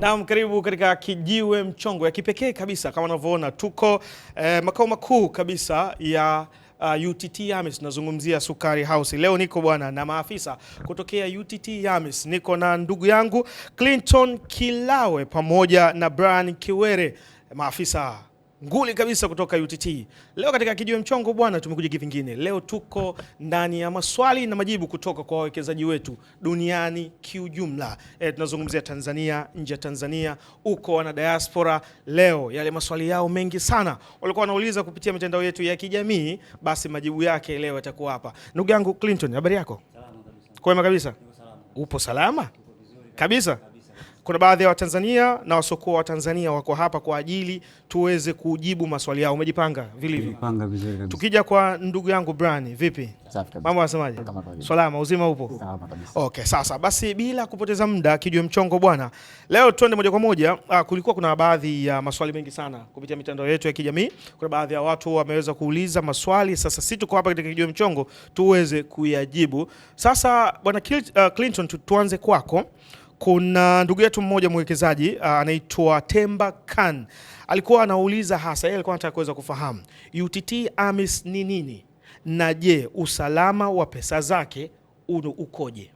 Naam, karibu katika kijiwe mchongo ya kipekee kabisa kama unavyoona tuko eh, makao makuu kabisa ya Uh, UTT Yamis tunazungumzia Sukari House. Leo niko bwana na maafisa kutokea UTT amis niko na ndugu yangu Clinton Kilawe pamoja na Brian Kiwere, maafisa nguli kabisa kutoka UTT. Leo katika Kijue Mchongo bwana, tumekuja kivingine. Leo tuko ndani ya maswali na majibu kutoka kwa wawekezaji wetu duniani kiujumla. E, tunazungumzia Tanzania, nje ya Tanzania, uko wana diaspora. Leo yale maswali yao mengi sana walikuwa wanauliza kupitia mitandao yetu ya kijamii, basi majibu yake leo yatakuwa hapa. Ndugu yangu Clinton, habari yako? Salama kabisa. Kwema kabisa? Upo salama? Upo kabisa. Kuna baadhi ya Watanzania na wasokoa Watanzania wako hapa kwa ajili tuweze kujibu maswali yao. Umejipanga vilivyo? Tukija kwa ndugu yangu Brani, vipi mambo, anasemaje? Salama, uzima upo? Okay, sasa basi, bila kupoteza muda, kijwe Mchongo bwana, leo twende moja kwa moja. Ah, kulikuwa kuna baadhi ya maswali mengi sana kupitia mitandao yetu ya kijamii. Kuna baadhi ya watu wameweza kuuliza maswali, sasa si tuko hapa katika Kijiwe Mchongo tuweze kuyajibu. Sasa bwana ah, Clinton, tuanze kwako kuna ndugu yetu mmoja mwekezaji uh, anaitwa Temba Khan alikuwa anauliza hasa, yeye alikuwa anataka kuweza kufahamu UTT AMIS ni nini na je, usalama wa pesa zake unu ukoje?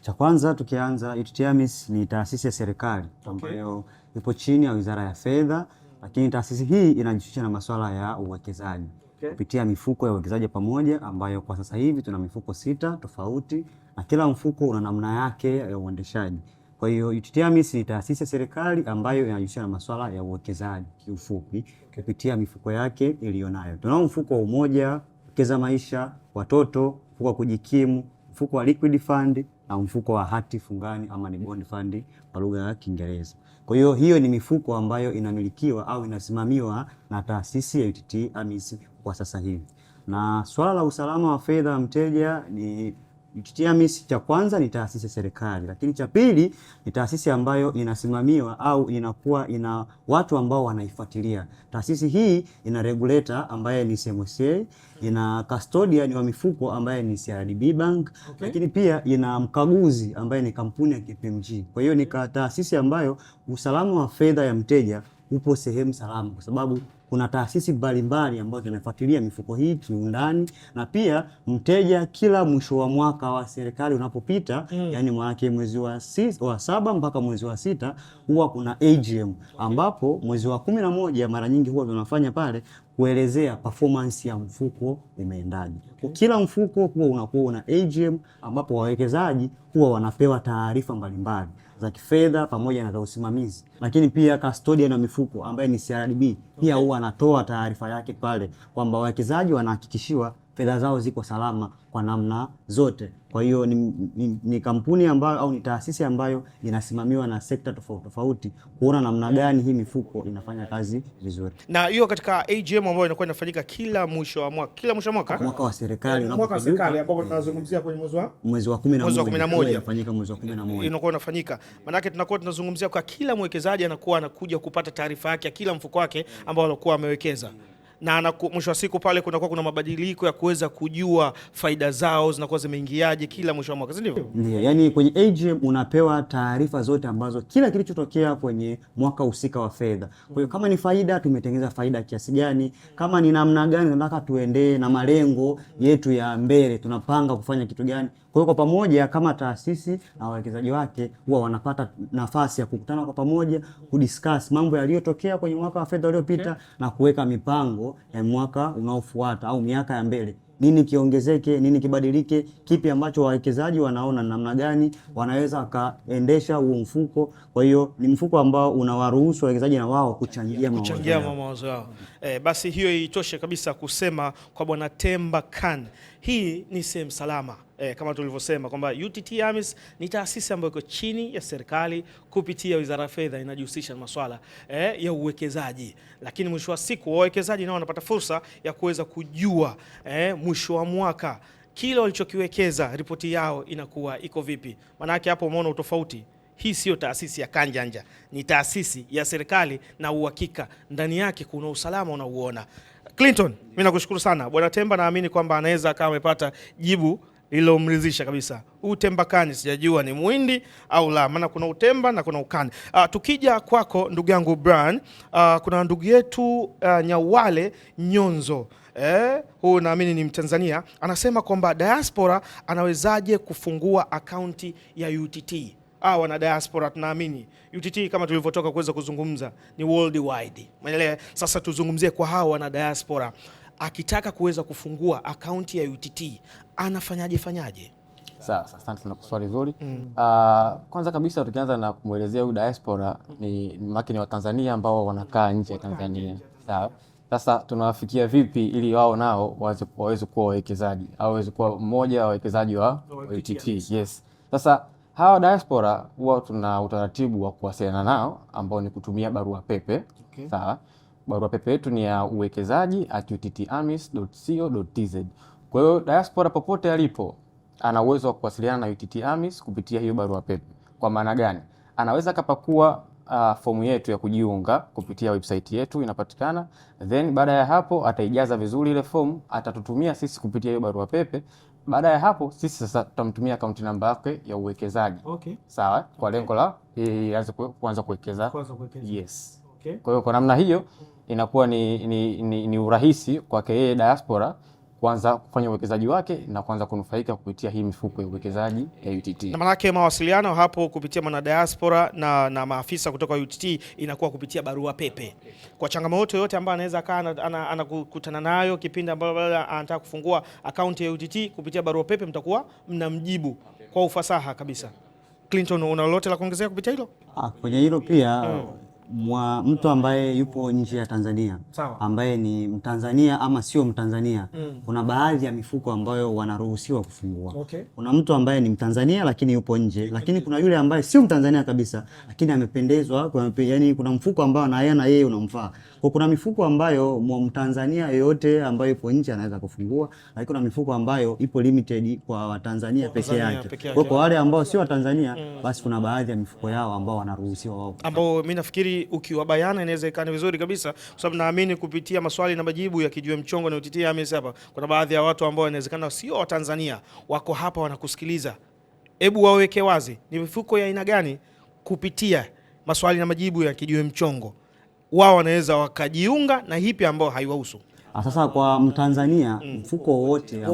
Cha kwanza tukianza, UTT AMIS ni taasisi ya serikali ambayo okay, ipo chini ya Wizara ya Fedha, lakini taasisi hii inajihusisha na masuala ya uwekezaji kupitia okay, mifuko ya uwekezaji pamoja ambayo kwa sasa hivi tuna mifuko sita tofauti na kila mfuko una namna yake ya uendeshaji. Kwa hiyo UTTMIS ni taasisi ya serikali ambayo inajihusisha na masuala ya uwekezaji kiufupi, kupitia mifuko yake iliyonayo. Tunao mfuko wa Umoja, Wekeza Maisha, watoto, mfuko wa kujikimu, mfuko wa liquid fund na mfuko wa hati fungani ama ni bond fund kwa lugha ya Kiingereza. Kwa hiyo hiyo ni mifuko ambayo inamilikiwa au inasimamiwa na taasisi ya UTT AMIS kwa sasa hivi. Na swala la usalama wa fedha ya mteja ni TAMIS cha kwanza ni taasisi ya serikali, lakini cha pili ni taasisi ambayo inasimamiwa au inakuwa ina watu ambao wanaifuatilia. Taasisi hii ina regulator ambaye ni CMSA, ina custodian wa mifuko ambaye ni CRDB Bank, okay. Lakini pia ina mkaguzi ambaye ni kampuni ya KPMG. Kwa hiyo ni taasisi ambayo usalama wa fedha ya mteja upo sehemu salama, kwa sababu kuna taasisi mbalimbali ambazo zinafuatilia mifuko hii kiundani, na pia mteja kila mwisho wa mwaka wa serikali unapopita mm. yani maanake mwezi wa, si, wa saba mpaka mwezi wa sita huwa kuna AGM ambapo mwezi wa kumi na moja mara nyingi huwa tunafanya pale kuelezea performance ya mfuko imeendaje. Okay. Kila mfuko huwa unakuwa una AGM ambapo wawekezaji huwa wanapewa taarifa mbalimbali za kifedha pamoja na za usimamizi, lakini pia custodian wa mifuko ambaye ni CRDB pia huwa anatoa taarifa yake pale kwamba wawekezaji wanahakikishiwa fedha zao ziko salama kwa namna zote. Kwa hiyo ni, ni, ni kampuni ambayo au ni taasisi ambayo inasimamiwa na sekta tofauti tofauti kuona namna gani hii mifuko inafanya kazi vizuri, na hiyo katika AGM ambayo inakuwa inafanyika kila mwisho wa mwaka, kila mwisho wa mwaka, mwaka wa serikali, mwaka wa serikali ambao tunazungumzia kwenye mwezi wa mwezi wa 11 inafanyika mwezi wa 11 inakuwa inafanyika. Maana yake tunakuwa tunazungumzia kwa kila mwekezaji anakuwa anakuja kupata taarifa yake ya kila mfuko wake ambao alikuwa amewekeza na mwisho wa siku pale kunakuwa kuna mabadiliko ya kuweza kujua faida zao zinakuwa zimeingiaje kila mwisho wa mwaka, si ndivyo? Ndio, yani kwenye AGM unapewa taarifa zote ambazo kila kilichotokea kwenye mwaka husika wa fedha. Kwa hiyo kama ni faida, tumetengeneza faida kiasi gani, kama ni namna gani tunataka tuendee na malengo yetu ya mbele, tunapanga kufanya kitu gani kwa hiyo kwa pamoja kama taasisi na wawekezaji wake huwa wanapata nafasi ya kukutana kwa pamoja kudiscuss mambo yaliyotokea kwenye mwaka wa fedha uliopita okay, na kuweka mipango ya mwaka unaofuata au miaka ya mbele nini kiongezeke, nini kibadilike, kipi ambacho wawekezaji wanaona namna gani wanaweza wakaendesha huo mfuko. Kwa hiyo ni mfuko ambao unawaruhusu wawekezaji na wao kuchangia mawazo yao. Eh, basi hiyo itoshe kabisa kusema kwa Bwana Temba Khan hii ni sehemu salama eh, kama tulivyosema kwamba UTT AMIS ni taasisi ambayo iko chini ya serikali kupitia Wizara ya Fedha, inajihusisha na masuala eh, ya uwekezaji, lakini mwisho wa siku wawekezaji nao wanapata fursa ya kuweza kujua eh, mwisho wa mwaka kile walichokiwekeza ripoti yao inakuwa iko vipi. Maanake hapo umeona utofauti. Hii siyo taasisi ya kanjanja, ni taasisi ya serikali na uhakika ndani yake kuna usalama unauona. Clinton, mimi nakushukuru sana bwana Temba, naamini kwamba anaweza akawa amepata jibu lililomridhisha kabisa. Huu Temba Kani sijajua ni mwindi au la, maana kuna utemba na kuna ukani. Uh, tukija kwako ndugu yangu Brian, uh, kuna ndugu yetu uh, Nyawale Nyonzo Eh, huyu naamini ni Mtanzania anasema kwamba diaspora anawezaje kufungua akaunti ya UTT? ah, wana diaspora tunaamini UTT kama tulivyotoka kuweza kuzungumza ni worldwide. Umeelewa? Sasa tuzungumzie kwa hawa wana diaspora, akitaka kuweza kufungua akaunti ya UTT anafanyaje fanyaje? Sasa asante sana kwa swali zuri. Mm. Uh, kwanza kabisa tukianza na kumwelezea huyu diaspora ni maki ni Watanzania ambao wanakaa nje ya Tanzania. Sawa. Sasa tunawafikia vipi ili wao nao waweze kuwa wawekezaji au waweze kuwa mmoja wa wawekezaji wa UTT? Yes. Sasa Hawa diaspora huwa tuna utaratibu wa kuwasiliana nao ambao ni kutumia barua pepe okay. Sawa, barua pepe yetu ni ya uwekezaji @uttamis.co.tz. Kwa hiyo diaspora popote alipo ana uwezo wa kuwasiliana na UTT AMIS kupitia hiyo barua pepe. Kwa maana gani? Anaweza akapakua uh, fomu yetu ya kujiunga kupitia website yetu inapatikana, then baada ya hapo ataijaza vizuri ile fomu, atatutumia sisi kupitia hiyo barua pepe, baada ya hapo sisi sasa tutamtumia akaunti namba yake ya uwekezaji okay. Sawa, kwa okay. lengo la aanze kuanza kuwekeza yes. okay. Kwa hiyo kwa namna hiyo inakuwa ni, ni, ni, ni urahisi kwake yeye diaspora kuanza kufanya uwekezaji wake na kuanza kunufaika kupitia hii mifuko ya uwekezaji ya UTT. Na maanake mawasiliano hapo kupitia diaspora na, na maafisa kutoka UTT inakuwa kupitia barua pepe. Kwa changamoto yote ambayo anaweza kaa anakutana ana, ana nayo kipindi ambapo anataka kufungua akaunti ya UTT kupitia barua pepe, mtakuwa mnamjibu kwa ufasaha kabisa. Clinton, una lolote la kuongezea kupitia hilo? Ah, kwenye hilo pia mm mwa mtu ambaye yupo nje ya Tanzania Sawa. ambaye ni Mtanzania ama sio Mtanzania mm. kuna baadhi ya mifuko ambayo wanaruhusiwa kufungua. Okay. Kuna mtu ambaye ni Mtanzania lakini yupo nje, lakini kuna yule ambaye sio Mtanzania kabisa, lakini amependezwa, yani kuna mfuko ambao na yeye na yeye unamfaa kwa kuna mifuko ambayo Mtanzania yoyote ambayo ipo nje anaweza kufungua, lakini kuna mifuko ambayo ipo limited kwa Watanzania peke yake. Kwa kwa wale ambao sio Watanzania mm, basi kuna baadhi ya mifuko yao ambao wanaruhusiwa wao, ambao mimi nafikiri ukiwabayana inaweza ikana vizuri kabisa, kwa sababu naamini kupitia maswali na majibu ya Kijiwe Mchongo na UTT AMIS hapa kuna baadhi ya watu ambao inawezekana sio Watanzania wako hapa wanakusikiliza. Hebu waweke wazi ni mifuko ya aina gani kupitia maswali na majibu ya Kijiwe Mchongo wao wanaweza wakajiunga na hipi ambayo haiwahusu. Ah, sasa kwa Mtanzania mm. mfuko wote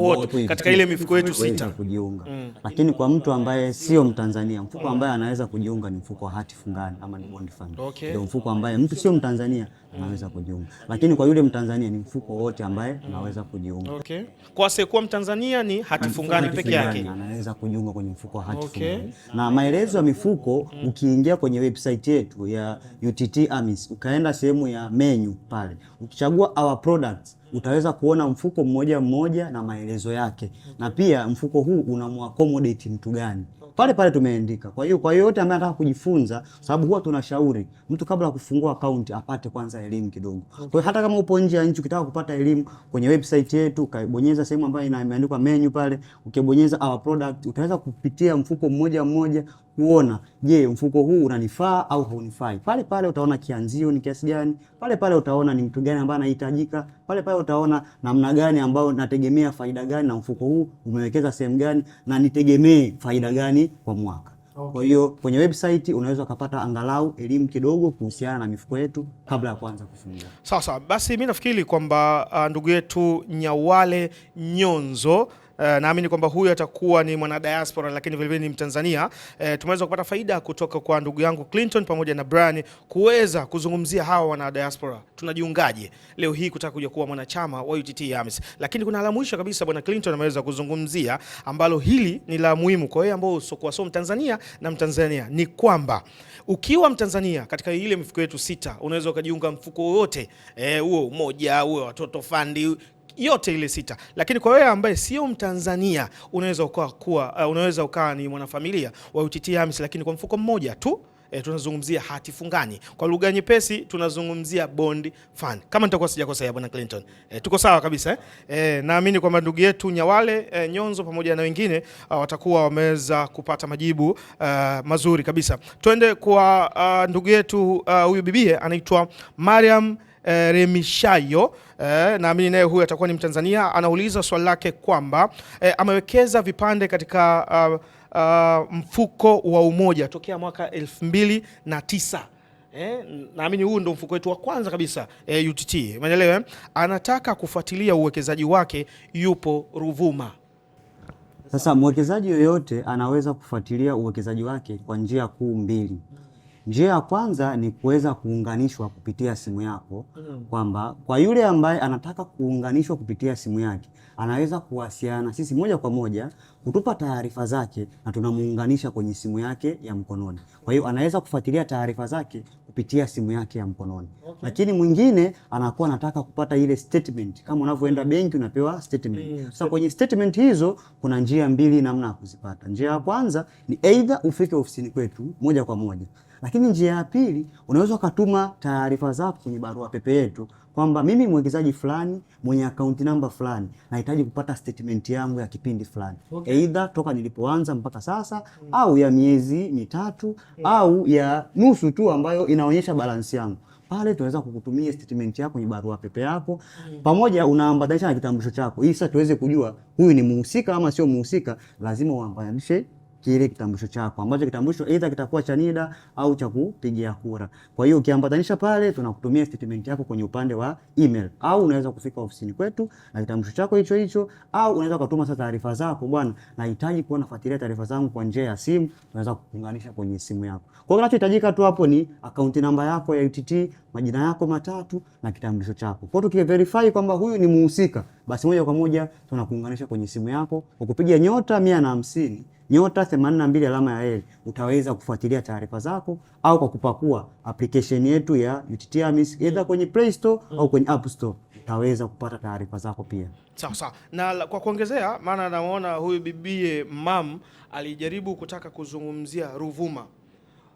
katika ile mifuko yetu sita kujiunga mm. lakini kwa mtu ambaye sio Mtanzania, mfuko ambaye anaweza kujiunga ni mfuko wa hati fungani ama ni bond fund, ndio okay. mfuko ambaye mtu sio Mtanzania unaweza kujiunga, lakini kwa yule Mtanzania ni mfuko wote ambaye anaweza kujiunga. Okay. Kwa asiyekuwa Mtanzania ni hatifungani peke yake anaweza kujiunga kwenye mfuko wa hatifungani. Okay. Na maelezo ya mifuko mm. Ukiingia kwenye website yetu ya UTT AMIS ukaenda sehemu ya menu pale, ukichagua our products utaweza kuona mfuko mmoja mmoja na maelezo yake, na pia mfuko huu unamwakomodate mtu gani pale pale tumeandika. Kwa hiyo kwa yote ambaye anataka kujifunza, sababu huwa tunashauri mtu kabla ya kufungua akaunti apate kwanza elimu kidogo. Kwa hiyo hata kama upo nje ya nchi ukitaka kupata elimu, kwenye website yetu ukabonyeza sehemu ambayo imeandikwa menu pale, ukibonyeza our product utaweza kupitia mfuko mmoja mmoja kuona je, mfuko huu unanifaa au haunifai. Pale pale utaona kianzio ni kiasi gani, pale pale utaona ni mtu gani ambaye anahitajika, pale pale utaona namna gani ambayo nategemea faida gani, na mfuko huu umewekeza sehemu gani, na nitegemee faida gani kwa mwaka. Okay. Kwa hiyo kwenye website unaweza ukapata angalau elimu kidogo kuhusiana na mifuko yetu kabla ya kuanza kufungia. Sawa sawa, basi mimi nafikiri kwamba ah, ndugu yetu Nyawale Nyonzo Eh, naamini kwamba huyu atakuwa ni mwana diaspora lakini vile vile ni Mtanzania. E, tumeweza kupata faida kutoka kwa ndugu yangu Clinton pamoja na Brian kuweza kuzungumzia hawa wana diaspora tunajiungaje leo hii kutaka kuja kuwa mwanachama wa UTT AMIS. Lakini kuna la mwisho kabisa bwana Clinton ameweza kuzungumzia ambalo hili ni la muhimu kwa yeye ambao sio kwa so Mtanzania na Mtanzania ni kwamba ukiwa Mtanzania katika ile mifuko yetu sita unaweza ukajiunga mfuko wowote eh, huo e, umoja huo watoto fundi yote ile sita. Lakini kwa wewe ambaye sio Mtanzania unaweza ukawa kuwa, uh, unaweza ukawa ni mwanafamilia wa UTT AMIS lakini kwa mfuko mmoja tu. E, tunazungumzia hati fungani kwa lugha nyepesi, tunazungumzia bond fund, kama nitakuwa sijakosea bwana Clinton. E, tuko sawa kabisa e, naamini kwamba ndugu yetu Nyawale e, Nyonzo pamoja na wengine uh, watakuwa wameweza kupata majibu uh, mazuri kabisa. Twende kwa uh, ndugu yetu uh, huyu bibie anaitwa Mariam eh, Remishayo e, naamini naye huyu atakuwa ni Mtanzania, anauliza swali lake kwamba eh, amewekeza vipande katika uh, uh, mfuko wa umoja tokea mwaka elfu mbili na tisa. Eh, naamini huu ndo mfuko wetu wa kwanza kabisa eh, UTT umeelewa. Eh? Anataka kufuatilia uwekezaji wake, yupo Ruvuma. Sasa mwekezaji yoyote anaweza kufuatilia uwekezaji wake kwa njia kuu mbili. Njia ya kwanza ni kuweza kuunganishwa kupitia simu yako, mm. kwamba kwa yule ambaye anataka kuunganishwa kupitia simu yake anaweza kuwasiliana sisi moja kwa moja, kutupa taarifa zake na tunamuunganisha kwenye simu yake ya mkononi. Kwa hiyo anaweza kufuatilia taarifa zake kupitia simu yake ya mkononi. Okay. Lakini mwingine anakuwa anataka kupata ile statement kama unavyoenda benki unapewa statement. Mm. Sasa so, kwenye statement hizo kuna njia mbili namna ya kuzipata. Njia ya kwanza ni either ufike ofisini kwetu moja kwa moja lakini njia ya pili, unaweza ukatuma taarifa zako kwenye barua pepe yetu kwamba mimi mwekezaji fulani mwenye akaunti namba fulani nahitaji kupata statement yangu ya kipindi fulani, okay. Aidha toka nilipoanza mpaka sasa mm. au ya miezi mitatu yeah. Hmm. au ya nusu tu ambayo inaonyesha balansi yangu pale tunaweza kukutumia statement yako kwenye barua pepe yako mm. pamoja unaambatanisha na kitambulisho chako, ili sasa tuweze kujua huyu ni muhusika ama sio muhusika. Lazima uambatanishe kile kitambulisho chako ambacho kitambulisho aidha kitakuwa cha NIDA au cha kupigia kura. Kwa hiyo ukiambatanisha pale, tunakutumia statement yako kwenye upande wa email, au unaweza kufika ofisini kwetu na kitambulisho chako hicho hicho, au unaweza kutuma sasa taarifa zako, bwana, nahitaji kuona fuatilia taarifa zangu kwa njia ya simu, unaweza kuunganisha kwenye simu yako. Kwa hiyo kinachohitajika tu hapo ni akaunti namba yako ya UTT, majina yako matatu na kitambulisho chako. Kwa hiyo tukiverify kwamba huyu ni muhusika, basi moja kwa moja tunakuunganisha kwenye simu yako kwa kupiga nyota 150 nyota 82 alama ya L utaweza kufuatilia taarifa zako au kwa kupakua application yetu ya UTT AMIS either kwenye Play Store mm. au kwenye App Store utaweza kupata taarifa zako pia. Sawa sawa, na kwa kuongezea, maana naona huyu bibie mam alijaribu kutaka kuzungumzia Ruvuma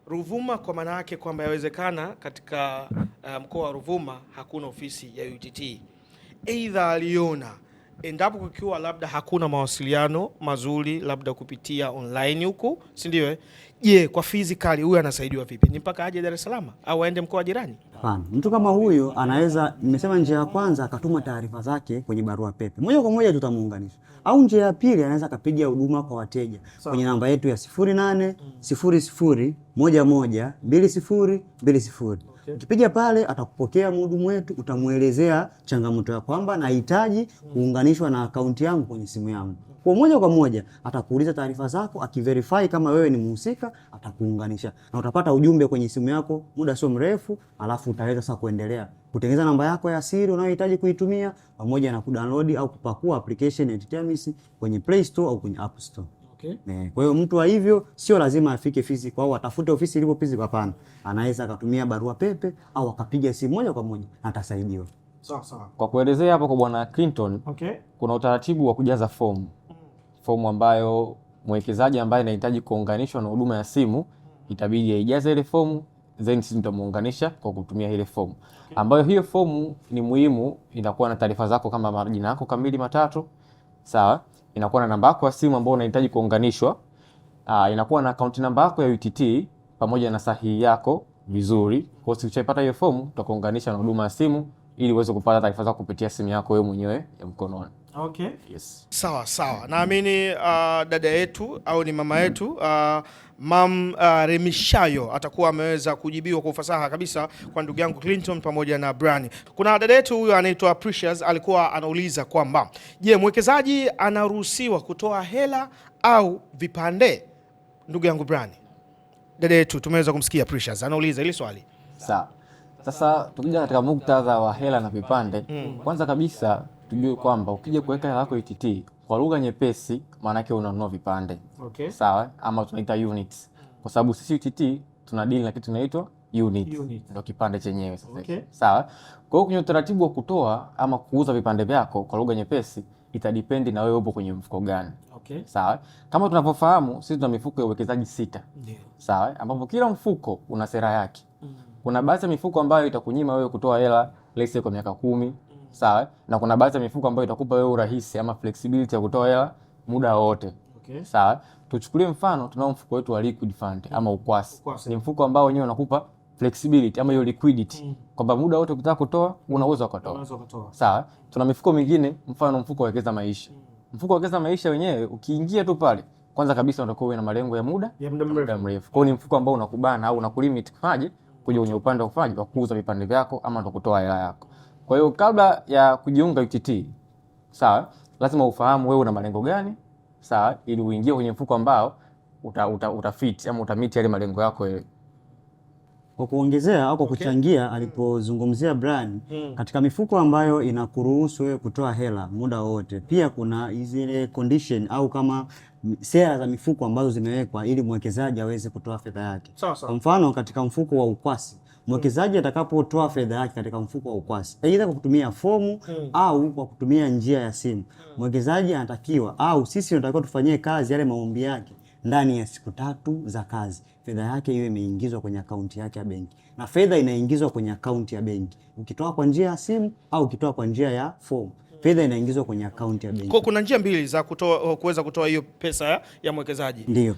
Ruvuma kwa maana yake kwamba yawezekana katika eh, mkoa um, wa Ruvuma hakuna ofisi ya UTT, aidha aliona endapo kukiwa labda hakuna mawasiliano mazuri labda kupitia online huku si ndio? Eh? Je, kwa fizikali huyu anasaidiwa vipi? Ni mpaka aje Dar es Salaam au aende mkoa jirani? Hapana, mtu kama huyu anaweza, nimesema njia ya kwanza akatuma taarifa zake kwenye barua pepe moja kwa moja, tutamuunganisha au njia ya pili anaweza akapiga huduma kwa wateja so, kwenye namba yetu ya sifuri nane sifuri sifuri moja moja mbili sifuri mbili sifuri Ukipiga pale atakupokea mhudumu wetu, utamwelezea changamoto ya kwamba nahitaji kuunganishwa na akaunti yangu kwenye simu yangu. Kwa moja kwa moja atakuuliza taarifa zako, akiverify kama wewe ni mhusika, atakuunganisha na utapata ujumbe kwenye simu yako muda sio mrefu, alafu utaweza sasa kuendelea kutengeneza namba yako ya siri unayohitaji kuitumia pamoja na kudownload au kupakua application ya Titamiss kwenye Play Store au kwenye App Store. Okay. Eh, kwa hiyo mtu wa hivyo sio lazima afike physical au atafute ofisi ilipo physical, hapana. Anaweza akatumia barua pepe au akapiga simu moja kwa moja atasaidiwa. Sawa sawa. Kwa kuelezea hapo kwa Bwana Clinton, okay. Kuna utaratibu wa kujaza fomu. Mm. Fomu ambayo mwekezaji ambaye anahitaji kuunganishwa na huduma ya simu mm. itabidi aijaze ile fomu then sisi tutamuunganisha kwa kutumia ile fomu okay. Ambayo hiyo fomu ni muhimu, inakuwa na taarifa zako kama majina yako kamili matatu, sawa inakuwa na namba yako ya simu ambayo unahitaji kuunganishwa. Uh, inakuwa na akaunti namba yako ya UTT pamoja na sahihi yako vizuri. Kwa hiyo ukichaipata hiyo fomu tutakuunganisha na huduma ya simu ili uweze kupata taarifa zako kupitia simu yako wewe mwenyewe ya mkononi. Okay. Yes. Sawa sawa, naamini uh, dada yetu au ni mama yetu uh, mam uh, Remishayo atakuwa ameweza kujibiwa kwa ufasaha kabisa kwa ndugu yangu Clinton pamoja na Brian. Kuna dada yetu huyo anaitwa Precious alikuwa anauliza kwamba je, mwekezaji anaruhusiwa kutoa hela au vipande? Ndugu yangu Brian, dada yetu tumeweza kumsikia Precious anauliza hili swali. Sawa. Sasa tukija katika muktadha wa hela na vipande mm. Kwanza kabisa tujue kwamba ukija kuweka hela yako ETT kwa lugha nyepesi, maana yake unanunua vipande okay. Sawa, ama tunaita units, kwa sababu sisi ETT tuna deal na kitu kinaitwa unit, ndio kipande chenyewe sasa okay. Sawa, kwa hiyo kwenye utaratibu wa kutoa ama kuuza vipande vyako kwa lugha nyepesi itadipendi na wewe upo kwenye mfuko gani okay. Sawa, kama tunavyofahamu sisi tuna mifuko ya uwekezaji sita yeah. Sawa, ambapo kila mfuko una sera yake mm kuna baadhi ya mifuko ambayo itakunyima wewe kutoa hela lese kwa miaka kumi sawa, na kuna baadhi ya mifuko ambayo itakupa wewe urahisi ama flexibility ya kutoa hela muda wote okay. Sawa, tuchukulie mfano, tunao mfuko wetu wa liquid fund ama ukwasi, ukwasi. Ni mfuko ambao wenyewe unakupa flexibility ama hiyo liquidity mm. kwamba muda wote ukitaka kutoa una uwezo wa kutoa sawa. Tuna mifuko mingine, mfano mfuko wa wekeza maisha mm. mfuko wa wekeza maisha wenyewe ukiingia tu pale kwanza kabisa unatakiwa uwe na malengo ya muda ya muda mrefu. Kwa hiyo ni mfuko ambao unakubana au unakulimit kwaje kuja kwenye upande wa kufanya wa kuuza vipande vyako ama ndo kutoa hela yako. Kwa hiyo kabla ya kujiunga UTT, sawa, lazima ufahamu wewe una malengo gani, sawa, ili uingie kwenye mfuko ambao uta, uta, fit ama utamiti yale malengo yako wewe. Kwa kuongezea au kwa kuchangia hmm. alipozungumzia Brian hmm. katika mifuko ambayo inakuruhusu wewe kutoa hela muda wote, pia kuna zile condition au kama sera za mifuko ambazo zimewekwa ili mwekezaji aweze kutoa fedha yake. Kwa mfano katika mfuko wa ukwasi mwekezaji atakapotoa fedha yake katika mfuko wa ukwasi, aidha kwa kutumia fomu hmm, au kwa kutumia njia ya simu hmm, mwekezaji anatakiwa au sisi tunatakiwa tufanyie kazi yale maombi yake ndani ya siku tatu za kazi, fedha yake iwe imeingizwa kwenye akaunti yake ya benki, na fedha inaingizwa kwenye akaunti ya benki, ukitoa kwa njia ya simu au ukitoa kwa njia ya fomu fedha inaingizwa kwenye akaunti ya benki. Kwa kuna njia mbili za kutoa uh, kuweza kutoa hiyo pesa ya mwekezaji. Ndio.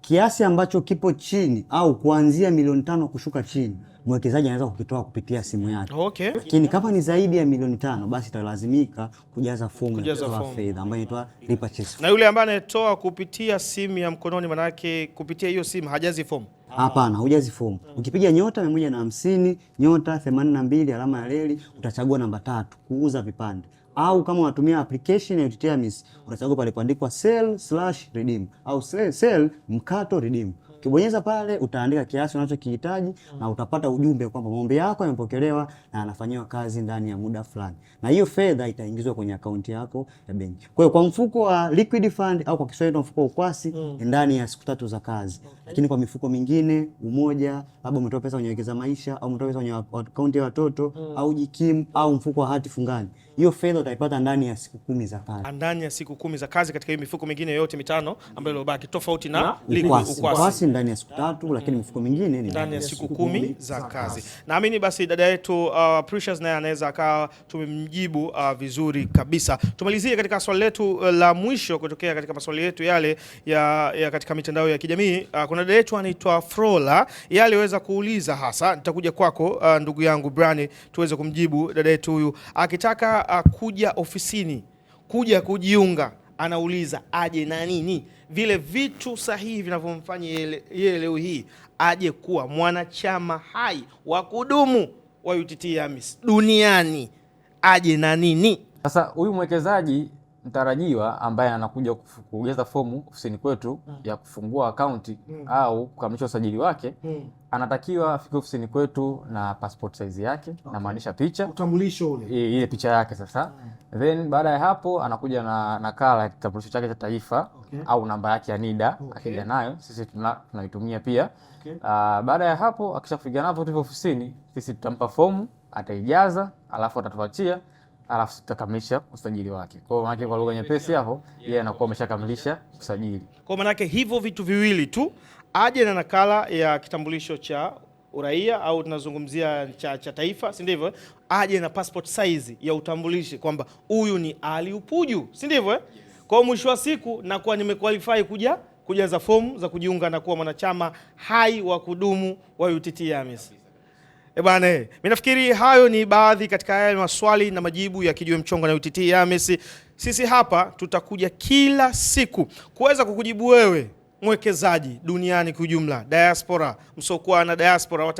Kiasi ambacho kipo chini au kuanzia milioni tano kushuka chini mwekezaji anaweza kukitoa kupitia simu yake. Okay. Lakini kama ni zaidi ya milioni tano basi italazimika kujaza fomu ya kutoa fedha ambayo inaitwa repurchase. Na yule ambaye anatoa kupitia simu ya mkononi manake kupitia hiyo simu hajazi fomu. Hapana, hujazi fomu. Ukipiga nyota mia na hamsini nyota 82 alama ya reli utachagua namba tatu kuuza vipande au kama unatumia application ya Utimemis pale kuandikwa sell redeem au sell mkato redeem. Ukibonyeza pale utaandika kiasi unachokihitaji na utapata ujumbe kwamba maombi yako yamepokelewa na anafanyiwa kazi ndani ya muda fulani, na hiyo fedha itaingizwa kwenye akaunti yako ya benki. Kwa hiyo kwa mfuko wa liquid fund au kwa Kiswahili mfuko wa ukwasi mm, ndani ya siku tatu za kazi okay. Lakini kwa mifuko mingine Umoja, labda umetoa pesa kwenye Wekeza Maisha au umetoa pesa kwenye akaunti ya watoto mm, au Jikimu au mfuko wa hati fungani hiyo fedha utaipata ndani ya siku kumi za kazi, ah, ndani ya siku kumi za kazi katika hiyo mifuko mingine yote mitano ambayo ilobaki, tofauti na ukwasi ndani ya siku tatu, lakini mifuko mingine ni ndani ya siku kumi za kazi. Naamini basi dada yetu uh, Precious naye anaweza akawa tumemjibu uh, vizuri kabisa. Tumalizie katika swali letu uh, la mwisho kutokea katika maswali yetu yale ya, ya katika mitandao ya kijamii uh, kuna dada yetu anaitwa Frola yeye aliweza kuuliza hasa, nitakuja kwako uh, ndugu yangu Brani tuweze kumjibu dada yetu huyu akitaka uh, kuja ofisini, kuja kujiunga, anauliza aje na nini, vile vitu sahihi vinavyomfanya yeye leo hii aje kuwa mwanachama hai wa kudumu wa UTT AMIS duniani, aje na nini. Sasa huyu mwekezaji mtarajiwa ambaye anakuja kujaza fomu ofisini kwetu mm. ya kufungua akaunti mm. au kukamilisha usajili wake mm. anatakiwa afike ofisini kwetu na passport size yake okay. na maanisha picha utambulisho ule ile picha yake sasa mm. then baada ya hapo anakuja na nakala ya kitambulisho chake cha taifa okay. au namba yake ya NIDA okay. akija nayo sisi tunaitumia tuna pia okay. Uh, baada ya hapo akishafika navyo ofisini sisi tutampa fomu ataijaza alafu atatupatia alafu tutakamilisha usajili wake. Kwa maana kwa lugha nyepesi hapo yeye anakuwa ameshakamilisha usajili. Kwa maana yake hivyo vitu viwili tu, aje na nakala ya kitambulisho cha uraia au tunazungumzia cha, cha taifa, si ndivyo? Aje na passport size ya utambulishi kwamba huyu ni Ali Upuju, si ndivyo? Kwa mwisho wa siku nakuwa nimekwalifai kuja kujaza fomu za kujiunga na kuwa mwanachama hai wa kudumu wa UTT AMIS. Ebane, eh eh, mimi nafikiri hayo ni baadhi katika yale maswali na majibu ya Kijiwe Mchongo na UTT AMIS. Sisi hapa tutakuja kila siku kuweza kukujibu wewe mwekezaji duniani kwa ujumla, diaspora, msokuwa na diaspora,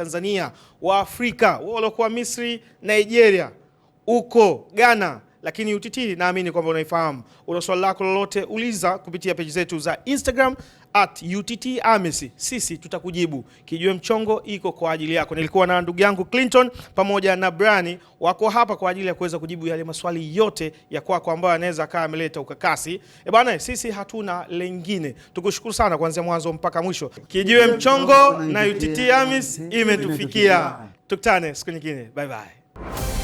wa Afrika, wale waliokuwa Misri, Nigeria, uko Ghana lakini UTT naamini kwamba unaifahamu. Una swali lako lolote, uliza kupitia peji zetu za Instagram at UTT Amisi, sisi tutakujibu. kijue Mchongo iko kwa ajili yako. Nilikuwa na ndugu yangu Clinton pamoja na Brani, wako hapa kwa ajili ya kuweza kujibu yale maswali yote ya kwako ambayo anaweza akawa ameleta ukakasi. E bana, sisi hatuna lengine, tukushukuru sana kuanzia mwanzo mpaka mwisho. kijue Mchongo na UTT AMIS imetufikia. Tukutane siku nyingine, bye bye.